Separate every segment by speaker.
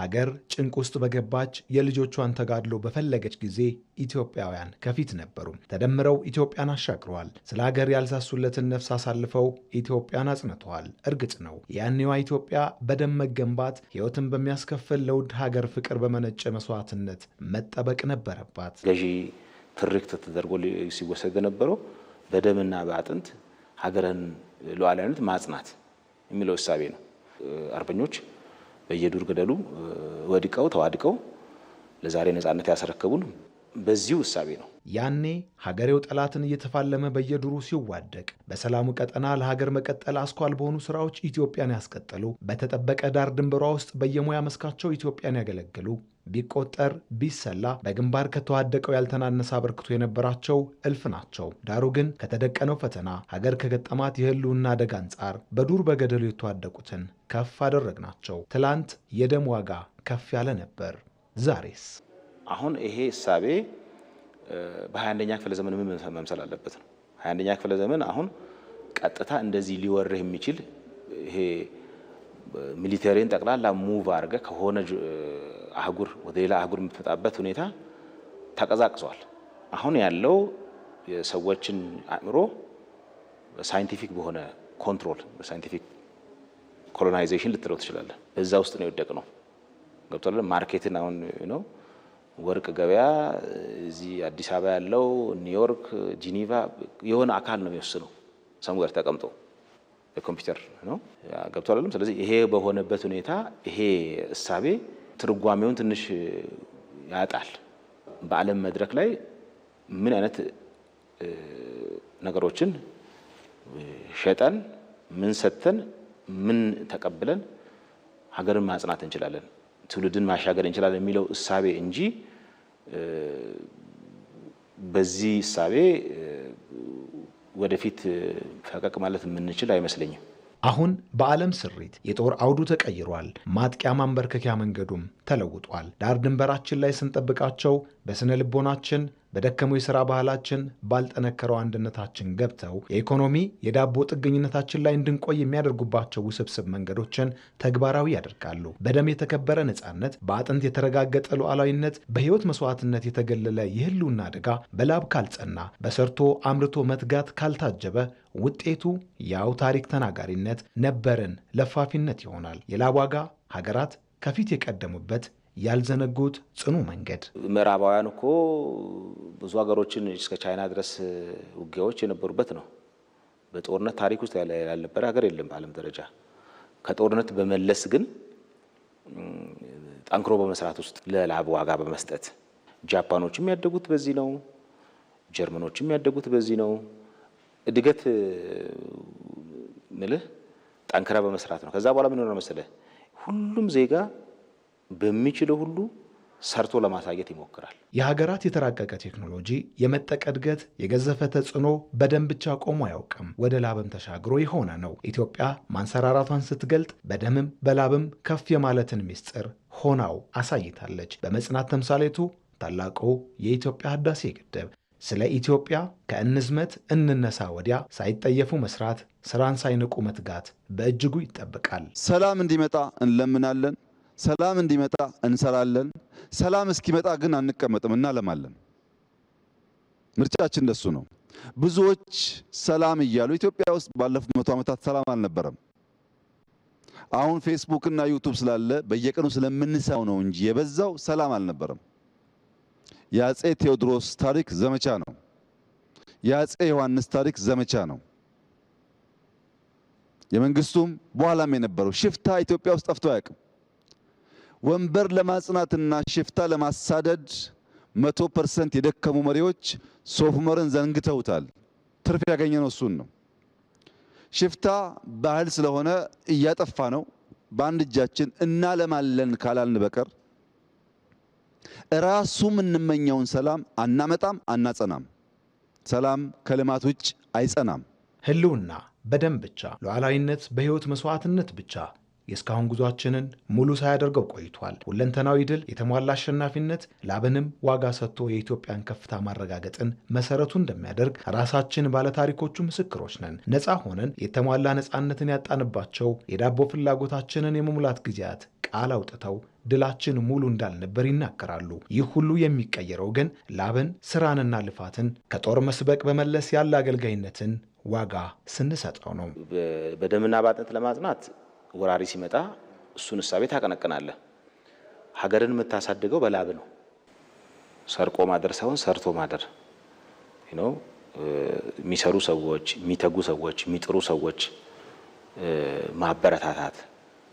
Speaker 1: ሀገር ጭንቅ ውስጥ በገባች የልጆቿን ተጋድሎ በፈለገች ጊዜ ኢትዮጵያውያን ከፊት ነበሩ። ተደምረው ኢትዮጵያን አሻግረዋል። ስለ ሀገር ያልሳሱለትን ነፍስ አሳልፈው ኢትዮጵያን አጽንተዋል። እርግጥ ነው ያኔዋ ኢትዮጵያ በደም መገንባት፣ ሕይወትን በሚያስከፍል ለውድ ሀገር ፍቅር በመነጨ መስዋዕትነት መጠበቅ ነበረባት።
Speaker 2: ገዢ ትርክት ተደርጎ ሲወሰድ የነበረው በደምና በአጥንት ሀገርን ሉዓላዊነት ማጽናት የሚለው እሳቤ ነው። አርበኞች በየዱር ገደሉ ወድቀው ተዋድቀው ለዛሬ ነጻነት ያስረከቡን በዚሁ እሳቤ ነው።
Speaker 1: ያኔ ሀገሬው ጠላትን እየተፋለመ በየዱሩ ሲዋደቅ በሰላሙ ቀጠና ለሀገር መቀጠል አስኳል በሆኑ ስራዎች ኢትዮጵያን ያስቀጠሉ በተጠበቀ ዳር ድንበሯ ውስጥ በየሙያ መስካቸው ኢትዮጵያን ያገለግሉ ቢቆጠር ቢሰላ በግንባር ከተዋደቀው ያልተናነሰ አበርክቶ የነበራቸው እልፍ ናቸው። ዳሩ ግን ከተደቀነው ፈተና ሀገር ከገጠማት የህልውና አደጋ አንጻር በዱር በገደሉ የተዋደቁትን ከፍ አደረግናቸው። ትላንት የደም ዋጋ ከፍ ያለ ነበር። ዛሬስ?
Speaker 2: አሁን ይሄ እሳቤ በ21ኛ ክፍለ ዘመን ምን መምሰል አለበት ነው። 21ኛ ክፍለ ዘመን አሁን ቀጥታ እንደዚህ ሊወርህ የሚችል ይሄ ሚሊተሪን ጠቅላላ ሙቭ አድርገህ ከሆነ አህጉር ወደ ሌላ አህጉር የምትመጣበት ሁኔታ ተቀዛቅዟል። አሁን ያለው የሰዎችን አእምሮ ሳይንቲፊክ በሆነ ኮንትሮል በሳይንቲፊክ ኮሎናይዜሽን ልትለው ትችላለን። እዛ ውስጥ ነው የወደቅ ነው ገብቷል። ማርኬትን አሁን ነው ወርቅ ገበያ እዚህ አዲስ አበባ ያለው ኒውዮርክ፣ ጂኒቫ የሆነ አካል ነው የሚወስነው ሰምዌር ተቀምጦ በኮምፒውተር ነው ገብቷል። ስለዚህ ይሄ በሆነበት ሁኔታ ይሄ እሳቤ ትርጓሜውን ትንሽ ያጣል። በዓለም መድረክ ላይ ምን አይነት ነገሮችን ሸጠን ምን ሰጥተን ምን ተቀብለን ሀገርን ማጽናት እንችላለን፣ ትውልድን ማሻገር እንችላለን የሚለው እሳቤ እንጂ በዚህ እሳቤ ወደፊት ፈቀቅ ማለት የምንችል አይመስለኝም።
Speaker 1: አሁን በዓለም ስሪት የጦር አውዱ ተቀይሯል። ማጥቂያ ማንበርከኪያ መንገዱም ተለውጧል። ዳር ድንበራችን ላይ ስንጠብቃቸው በስነ ልቦናችን በደከመው የሥራ ባህላችን ባልጠነከረው አንድነታችን ገብተው የኢኮኖሚ የዳቦ ጥገኝነታችን ላይ እንድንቆይ የሚያደርጉባቸው ውስብስብ መንገዶችን ተግባራዊ ያደርጋሉ። በደም የተከበረ ነጻነት፣ በአጥንት የተረጋገጠ ሉዓላዊነት፣ በሕይወት መሥዋዕትነት የተገለለ የህልውና አደጋ በላብ ካልጸና፣ በሰርቶ አምርቶ መትጋት ካልታጀበ ውጤቱ ያው ታሪክ ተናጋሪነት፣ ነበርን ለፋፊነት ይሆናል። የላብ ዋጋ ሀገራት ከፊት የቀደሙበት ያልዘነጉት ጽኑ መንገድ።
Speaker 2: ምዕራባውያን እኮ ብዙ ሀገሮችን እስከ ቻይና ድረስ ውጊያዎች የነበሩበት ነው። በጦርነት ታሪክ ውስጥ ያልነበረ ሀገር የለም በዓለም ደረጃ። ከጦርነት በመለስ ግን ጠንክሮ በመስራት ውስጥ ለላብ ዋጋ በመስጠት ጃፓኖችም ያደጉት በዚህ ነው። ጀርመኖችም ያደጉት በዚህ ነው። እድገት ምልህ ጠንክራ በመስራት ነው። ከዛ በኋላ ምን ሆነ መሰለህ ሁሉም ዜጋ በሚችለው ሁሉ ሰርቶ ለማሳየት ይሞክራል።
Speaker 1: የሀገራት የተራቀቀ ቴክኖሎጂ የመጠቀ እድገት የገዘፈ ተጽዕኖ በደም ብቻ ቆሞ አያውቅም፣ ወደ ላብም ተሻግሮ የሆነ ነው። ኢትዮጵያ ማንሰራራቷን ስትገልጥ በደምም በላብም ከፍ የማለትን ምስጢር ሆናው አሳይታለች። በመጽናት ተምሳሌቱ ታላቁ የኢትዮጵያ ህዳሴ ግድብ ስለ ኢትዮጵያ ከእንዝመት እንነሳ ወዲያ ሳይጠየፉ መስራት፣ ስራን ሳይንቁ መትጋት በእጅጉ ይጠበቃል።
Speaker 3: ሰላም እንዲመጣ እንለምናለን። ሰላም እንዲመጣ እንሰራለን። ሰላም እስኪመጣ ግን አንቀመጥም፣ እናለማለን። ምርጫችን እንደሱ ነው። ብዙዎች ሰላም እያሉ ኢትዮጵያ ውስጥ ባለፉት መቶ ዓመታት ሰላም አልነበረም። አሁን ፌስቡክ እና ዩቱብ ስላለ በየቀኑ ስለምንሰው ነው እንጂ የበዛው ሰላም አልነበረም። የአጼ ቴዎድሮስ ታሪክ ዘመቻ ነው። የአጼ ዮሐንስ ታሪክ ዘመቻ ነው። የመንግስቱም በኋላም የነበረው ሽፍታ ኢትዮጵያ ውስጥ ጠፍቶ አያውቅም። ወንበር ለማጽናትና ሽፍታ ለማሳደድ መቶ ፐርሰንት የደከሙ መሪዎች ሶፍ ሶፍመርን ዘንግተውታል። ትርፍ ያገኘነው እሱን ነው። ሽፍታ ባህል ስለሆነ እያጠፋ ነው። በአንድ እጃችን እናለማለን ካላልን በቀር እራሱ የምንመኘውን ሰላም አናመጣም፣ አናጸናም። ሰላም ከልማት ውጭ አይጸናም።
Speaker 1: ህልውና በደም ብቻ፣ ሉዓላዊነት በህይወት መስዋዕትነት ብቻ የእስካሁን ጉዟችንን ሙሉ ሳያደርገው ቆይቷል። ሁለንተናዊ ድል፣ የተሟላ አሸናፊነት ላብንም ዋጋ ሰጥቶ የኢትዮጵያን ከፍታ ማረጋገጥን መሰረቱ እንደሚያደርግ ራሳችን ባለታሪኮቹ ምስክሮች ነን። ነፃ ሆነን የተሟላ ነፃነትን ያጣንባቸው የዳቦ ፍላጎታችንን የመሙላት ጊዜያት ቃል አውጥተው ድላችን ሙሉ እንዳልነበር ይናገራሉ። ይህ ሁሉ የሚቀየረው ግን ላብን፣ ስራንና ልፋትን ከጦር መስበቅ በመለስ ያለ አገልጋይነትን ዋጋ ስንሰጠው ነው።
Speaker 2: በደምና በአጥንት ለማጽናት ወራሪ ሲመጣ እሱን እሳቤ ታቀነቅናለህ። ሀገርን የምታሳድገው በላብ ነው። ሰርቆ ማደር ሳይሆን ሰርቶ ማደር ነው። የሚሰሩ ሰዎች፣ የሚተጉ ሰዎች፣ የሚጥሩ ሰዎች ማበረታታት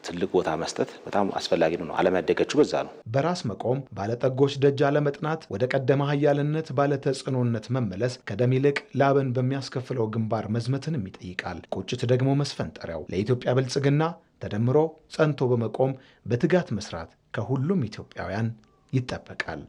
Speaker 2: ትልቅ ቦታ መስጠት በጣም አስፈላጊ ነው። ዓለም ያደገችው በዛ ነው።
Speaker 1: በራስ መቆም፣ ባለጠጎች ደጅ አለመጥናት፣ ወደ ቀደመ ሀያልነት ባለተጽዕኖነት መመለስ ከደም ይልቅ ላብን በሚያስከፍለው ግንባር መዝመትንም ይጠይቃል። ቁጭት ደግሞ መስፈንጠሪያው ለኢትዮጵያ ብልጽግና ተደምሮ ጸንቶ በመቆም በትጋት መስራት ከሁሉም ኢትዮጵያውያን ይጠበቃል።